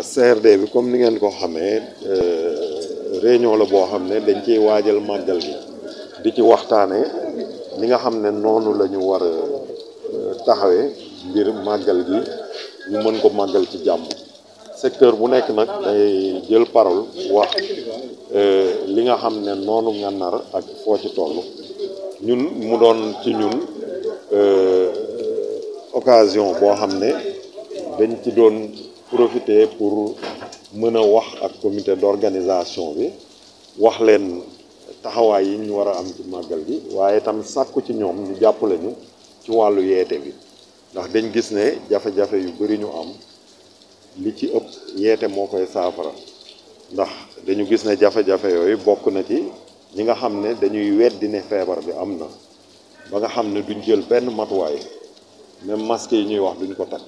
waaw CRD bi comme ni ngeen ko xamee euh, réunion la boo xam ne dañ ciy waajal màggal gi di ci waxtaanee li nga xam ne noonu lañu ñu war a euh, taxawee ngir màggal gi ñu mën ko màggal ci jàmm secteur bu nekk nag day jël parole wax euh, li nga xam ne noonu nga nar ak foo ci toll ñun mu doon ci ñun occasion boo xam ne dañ ci doon profiter pour mën a wax ak comité d'organisation bi wax leen taxawaay yi ñu war a am ci màggal bi waaye tam sàkku ci ñoom ñu jàppale ñu ci wàllu yeete bi ndax dañ gis ne jafe-jafe yu bari ñu am li ci ëpp yeete moo koy saafara ndax dañu gis ne jafe-jafe yooyu bokk na ci ñi nga xam ne dañuy weddi ne feebar bi am na ba nga xam ne duñ jël benn matuwaay même masque yi ñuy wax duñ ko takk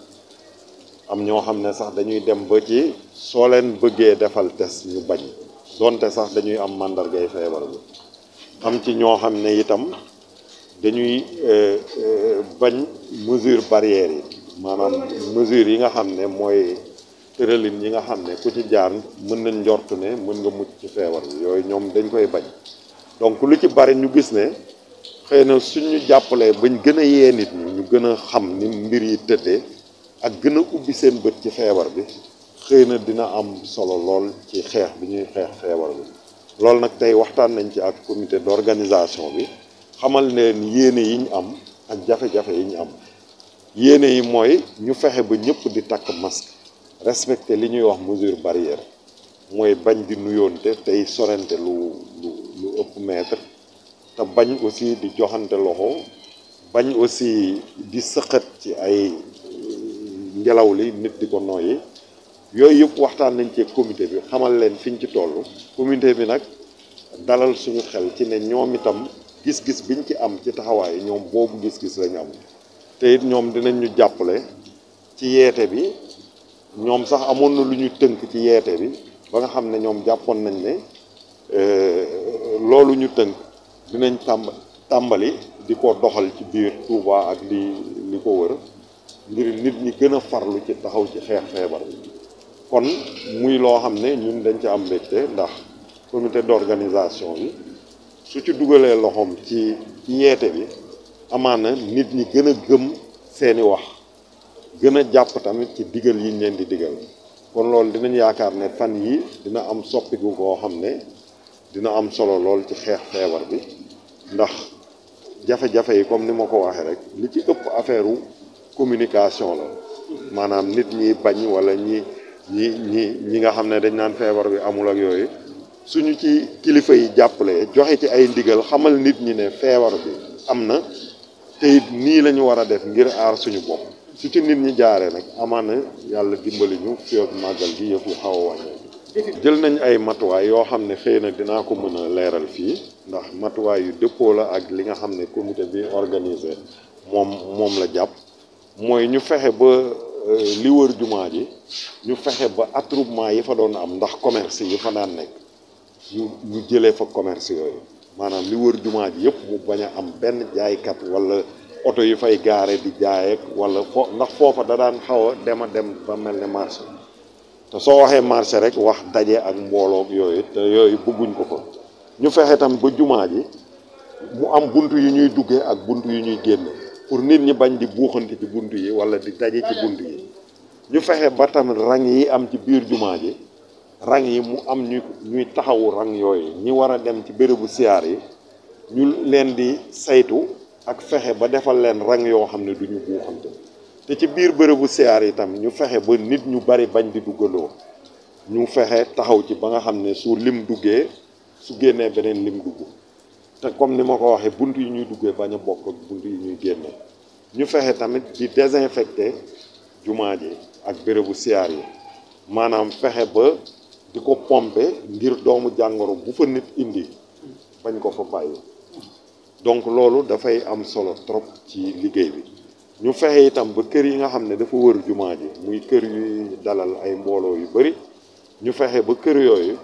am ñoo xam ne sax dañuy dem ba ci soo leen bëggee defal des ñu bañ donte sax dañuy am màndargay feebar bi am ci ñoo xam ne itam dañuy euh, euh, bañ mesure barrière yi maanaam mesure yi nga xam ne mooy tëralin yi nga xam ne ku ci jaar mën nañ njortu ne mën nga mucc ci feebar bi yooyu ñoom dañ koy bañ donc lu ci bari ñu gis ne xëy na suñ ñu jàppalee bañ gën a yee nit ñi ñu gën a xam ni mbir yi tëddee ak gën a ubbi seen bët ci feebar bi xëy na dina am solo lool ci xeex bi ñuy xeex feebar bi loolu nag tey waxtaan nañ ci ak comité d'organisation bi xamal leen yéene yi ñu am ak jafe-jafe yi ñu am yéene yi mooy ñu fexe ba ñëpp di takk masque respecter li ñuy wax mesure barrière mooy bañ di nuyoonte tey sorente lu lu ëpp mètre te bañ aussi di joxante loxo bañ aussi di sëqat ci ay ngelaw li nit di ko noyyi yooyu yëpp waxtaan nañ ci comité bi xamal leen fiñ ci toll comité bi nag dalal suñu xel ci ne ñoom itam gis-gis biñ ci am ci taxawaay ñoom boobu gis-gis lañu am te it ñoom dinañ ñu jàppale ci yeete bi ñoom sax amoon na lu ñu tënk ci yeete bi ba nga xam ne ñoom jàppoon nañ ne euh, loolu ñu tënk dinañ tàmb tàmbali di ko doxal ci biir Touba ak li li ko wër ngir nit ñi gën a farlu ci taxaw ci xeex feebar bi kon muy loo xam ne ñun dañ ca am mbégte ndax comité d'organisation bi su ci dugalee loxoom ci yeete bi amaan na nit ñi gën a gëm seeni wax gën a jàpp tamit ci digal yiñ leen di digal kon loolu dinañ yaakaar ne fan yi dina am soppiku koo xam ne dina am solo lool ci xeex feebar bi ndax jafe-jafe yi comme ni ma ko waxee rek li ci ëpp affaire communication la maanaam nit ñi bañ wala ñi ñi ñi ñi nga xam ne dañ naan feebar bi amul ak yooyu suñu ci kilifa yi jàppale joxe ci ay ndigal xamal nit ñi ne feebar bi am na te nii lañu ñu war a def ngir aar suñu bopp su ci nit ñi jaaree nag amaana yàlla dimbali ñu fii ak màggal gi yëpp xaw a wàññeeku jël nañ ay matuwaay yoo xam ne xëy na dinaa ko mën a leeral fii ndax matuwaay yu dëppoo la ak li nga xam ne comité bi organisé moom moom la jàpp mooy ñu fexe ba euh, li wër jumaa ji ñu fexe ba attroupement yi fa doon am ndax commerce yi fa daan nekk ñu ñu jëlee fa commerce yooyu maanaam li wër jumaa ji yëpp mu bañ a am benn jaaykat wala oto yi fay gaare di jaayek wala fo ndax foofa da daan xaw a dem a dem ba mel ne marché te soo waxee marché rek wax daje ak mbooloo yooyu te yooyu bëgguñ ko ko ñu fexe tam ba jumaa ji mu am buntu yu ñuy duggee ak buntu yu ñuy génne pour nit ñi bañ di buuxante ci bunt yi wala di daje ci bunt yi ñu fexe ba tamit rang yi am ci biir jumaa ji rang yi mu am ñuy taxawu rang yooyu ñi war a dem ci bérébu siyaar yi ñu leen di saytu ak fexe ba defal leen rang yoo xam ne du buuxante te ci biir bérébu siyaar yi tam ñu fexe ba nit ñu bari bañ di duggaloo ñu fexe taxaw ci ba nga xam ne su lim duggee su génnee beneen lim dugg te comme ni ma ko waxee bunt yi ñuy duggee bañ a bokk ak bunt yi ñuy génnee ñu fexe tamit di désinfecter jumaa ji ak bérébu siyaar yi maanaam fexe ba di ko pomper ngir doomu jàngoro bu fa nit indi bañ ko fa bàyyi donc loolu dafay am solo trop ci liggéey bi ñu fexe itam ba kër yi nga xam ne dafa wër jumaa ji muy kër yuy dalal ay mbooloo yu bari ñu fexe ba kër yooyu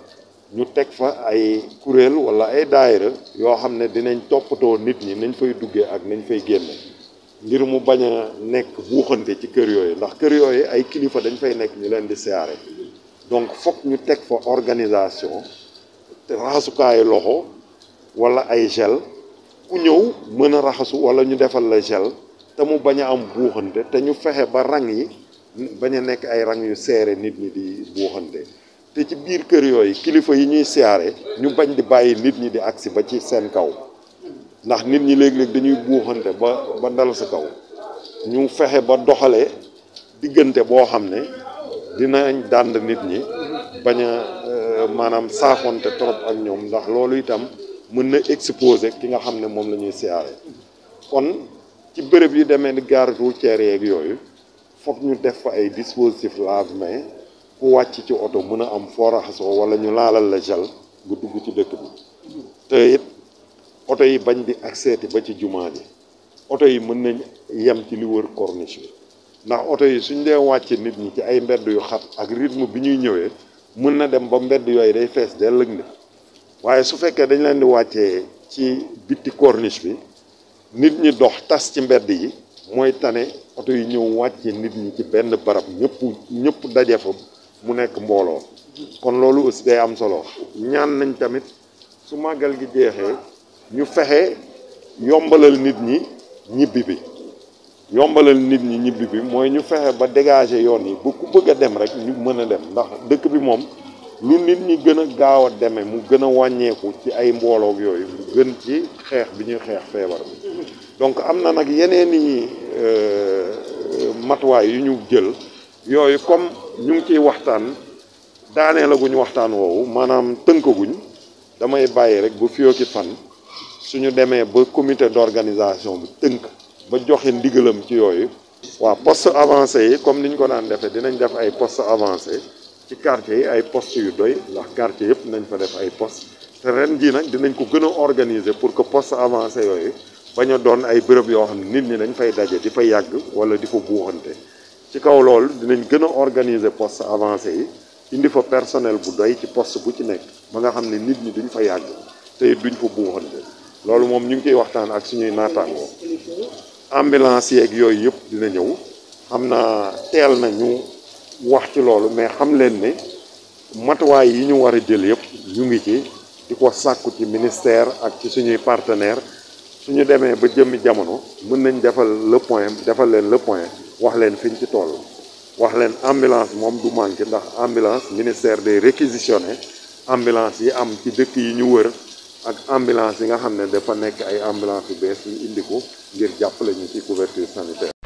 ñu teg fa ay kuréel wala ay daayira yoo xam ne dinañ toppatoo nit ñi nañ fay duggee ak nañ fay génne ngir mu bañ a nekk buuxante ci kër yooyu ndax kër yooyu ay kilifa dañ fay nekk ñu leen di siyaare donc fokk ñu teg fa organisation te raxasukaayu loxo wala ay gel ku ñëw mën a raxasu wala ñu defal la gel te mu bañ a am buuxante te ñu fexe ba rang yi bañ a nekk ay rang yu seere nit ñi di buuxante te ci biir kër yooyu kilifa yi ñuy siyaare ñu bañ di bàyyi nit ñi di agsi ba ci seen kaw ndax nit ñi léeg-léeg dañuy buuxante ba ba dal sa kaw ñu fexe ba doxalee diggante boo xam ne dinañ dànd nit ñi bañ a euh, maanaam saafonte trop ak ñoom ndax loolu itam mën na exposer ki nga xam ne moom lañuy ñuy siyaare kon ci bërëb yu demee ni gare routière yeeg yooyu foog ñu def fa ay dispositif lave-mains ku wàcc ci oto mën a am foo raxasoo wala ñu laalal la gel nga dugg ci dëkk bi te it oto yi bañ di accès ba ci jumaa ji oto yi mën nañ yem ci li wër corniche bi ndax oto yi suñ dee wàccee nit ñi ci ay mbedd yu xat ak rythme bi ñuy ñëwee mën na dem ba mbedd yooyu day fees dell ak nit waaye su fekkee dañ leen di wàccee ci bitti corniche bi nit ñi dox tas ci mbedd yi mooy tane oto yi ñëw wàcce nit ñi ci benn barab ñëpp ñëpp daje fa mu nekk mbooloo kon loolu aussi day am solo ñaan nañ tamit su màggal gi jeexee ñu fexe yombalal nit ñi ñibbi bi yombalal nit ñi ñibbi bi mooy ñu fexe ba dégager yoon yi bu ku bëgg a dem rek ñu mën a dem ndax dëkk bi moom lu nit ñi gën a gaaw a demee mu gën a wàññeeku ci ay mbooloog yooyu mu gën ci xeex bi ñuy xeex feebar bi donc am na nag yeneen i euh, matuwaay yu ñu jël yooyu comme ñu ngi ci waxtaan daanee la waxtaan woowu maanaam tënkaguñ damay bàyyi rek bu fiyoo ki fan suñu demee ba comité d'organisation bi tënk ba joxe ndigalam ci yooyu waaw poste avancé yi comme ñu ko daan defee dinañ def ay post avancé ci quartier yi ay post yu doy ndax quartier yëpp nañ fa def ay post te ren jii nag dinañ ko gën a organiser pour que post avancé yooyu bañ a doon ay béréb yoo xam ne nit ñi dañ fay daje di fa yàgg wala di fa buuxante ci kaw loolu dinañ gën a organiser poste avancé yi indi fa personnel bu doy ci post bu ci nekk ba nga xam ni nit ñi duñ fa yàgg te duñ fa buuxante loolu moom ñu ngi koy waxtaan ak suñuy naataangoo ambulance yeeg yooyu yëpp dina ñëw xam naa teel na ñu wax ci loolu mais xam leen ne matuwaay yi ñu war a jël yëpp ñu ngi ci di ko sàkku ci ministère ak ci suñuy partenaire suñu demee ba jëmmi jamono mën nañ defal le point defal leen le point wax leen fiñ ci toll wax leen ambulance moom du manqué ndax ambulance ministère des réquisitionné ambulance yi am ci dëkk yi ñu wër ak ambulance yi nga xam ne dafa nekk ay ambulance yu bees yu indi ko ngir jàpp lañu ci couverture sanitaire